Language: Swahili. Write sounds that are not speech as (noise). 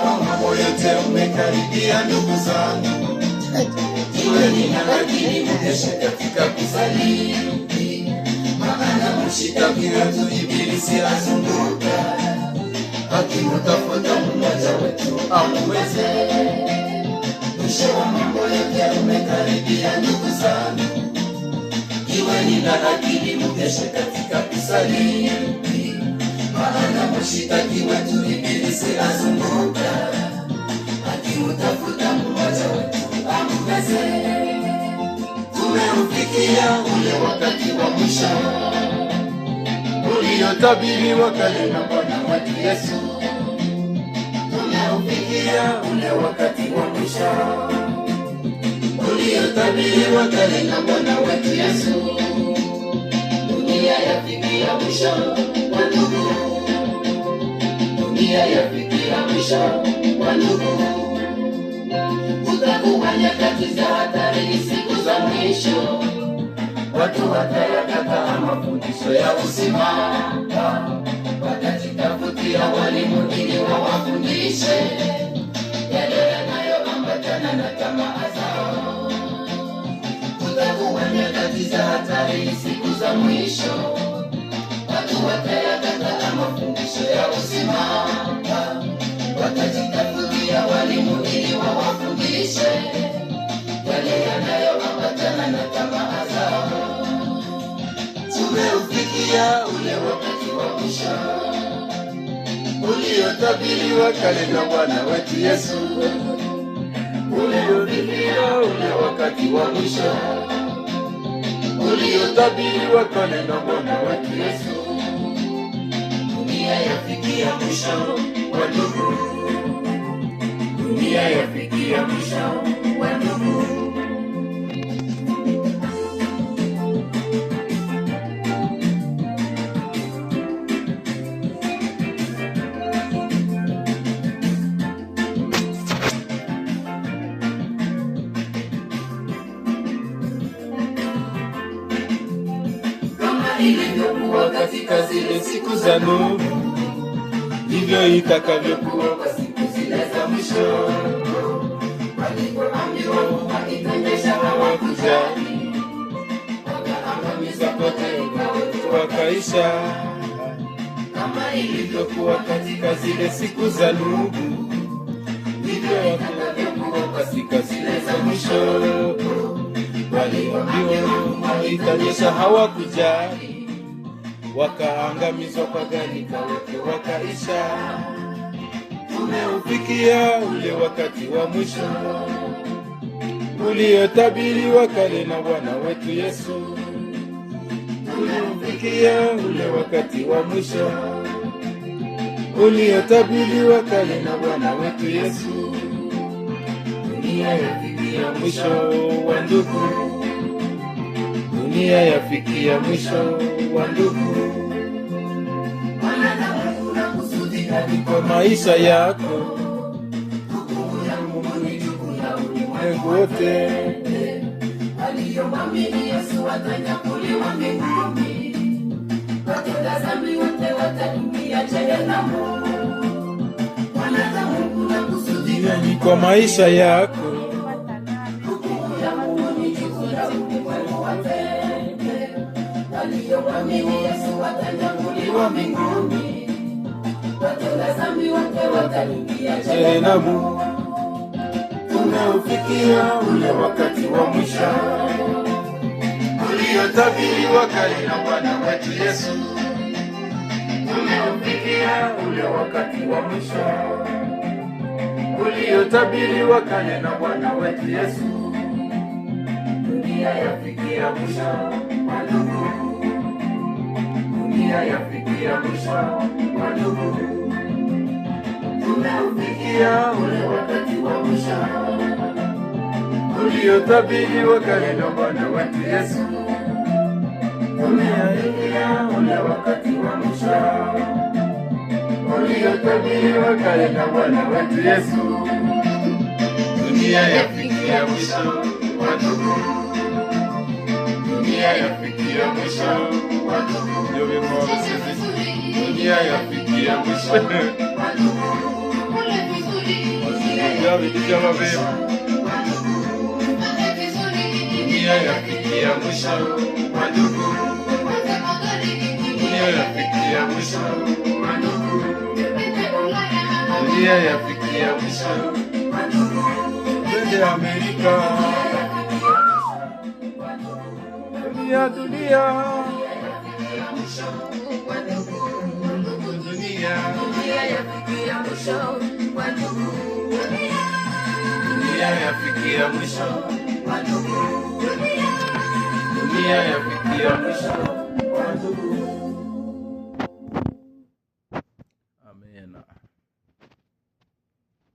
kwa mambo yote umekaribia ndugu zangu, kuweni ni mkeshe katika kusali, maana mshika viatu ibilisi azunguka akimtafuta mmoja wetu amweze. Mwisho wa mambo yote umekaribia ndugu zangu, iweni na ni mkeshe katika kusalimu maana mshitakiwa tu ibilisi azunguka akiutafuta mmoja wetu amweze. Tumeufikia ule wakati wa mwisho uliotabiriwa wakale na Bwana wetu Yesu. Tumeufikia ule wakati wa mwisho uliotabiriwa wakale na Bwana wetu Yesu. Dunia yafikia mwisho wa ndugu ya fikira mwisho wa ndugu, utakuwa nyakati za hatari, siku za mwisho. Watu watayakataa mafundisho ya usima watajitafutia walimu ili wawafundishe yale yanayoambatana na tamaa zao. Utakuwa nyakati za hatari, siku za mwisho, watu wataya muhubiri wawafundishe yale yanayoambatana na tamaa zao. Tumeufikia ule wakati wa mwisho uliotabiriwa kale na Bwana wetu Yesu, uliofikia ule wakati wa mwisho uliotabiriwa kale na Bwana wetu Yesu. Dunia yafikia mwisho, wandugu Mija jak wybija mi się łeb do Ilivyokuwa katika zile siku za Nuhu, ndivyo itakavyokuwa kwa kesho walipoambiwa kuwakitemesha wakaisha kama ilivyokuwa katika zile siku za Nuhu ndivyo wakakavyokuwa katika zile za mwisho walioambiwa mvua itanyesha hawakujali wakaangamizwa kwa gharika wote wakaisha kufikia ule wakati wa mwisho uliotabiriwa kale na Bwana wetu Yesu. Uliufikia ule wakati wa mwisho uliotabiriwa kale na Bwana wetu Yesu. Dunia yafikia mwisho wa ndugu, dunia yafikia mwisho wa ndugu, kwa maisha yako ulimwengu wote. Waliomwamini Yesu mbinguni, watenda dhambi wote jehanamu. kuna kusudi gani kwa maisha yako? Yesu watanyakuliwa mbinguni, watenda dhambi wote jehanamu ufikia ule wakati wa mwisho uliotabiriwa kali na Bwana wetu Yesu. Umeufikia ule wakati wa mwisho uliotabiriwa kale na Bwana wetu Yesu. Dunia yafikia mwisho, wandugu, dunia yafikia mwisho, wandugu. Umefikia ule wakati wa mwisho uliotabiriwa katika Bwana wetu Yesu. Umefikia ule wakati wa mwisho uliotabiriwa katika Bwana wetu Yesu. Dunia yafikia mwisho, wandugu, dunia yafikia mwisho, wandugu, dunia yafikia mwisho (laughs) vyawavema dunia yafikia mwisho wandugu dunia yafikia mwisho wandugu dunia yafikia mwisho twende Amerika dunia dunia dunia yafikia mwisho wandugu dunia yafikia mwisho, dunia yafikia mwisho.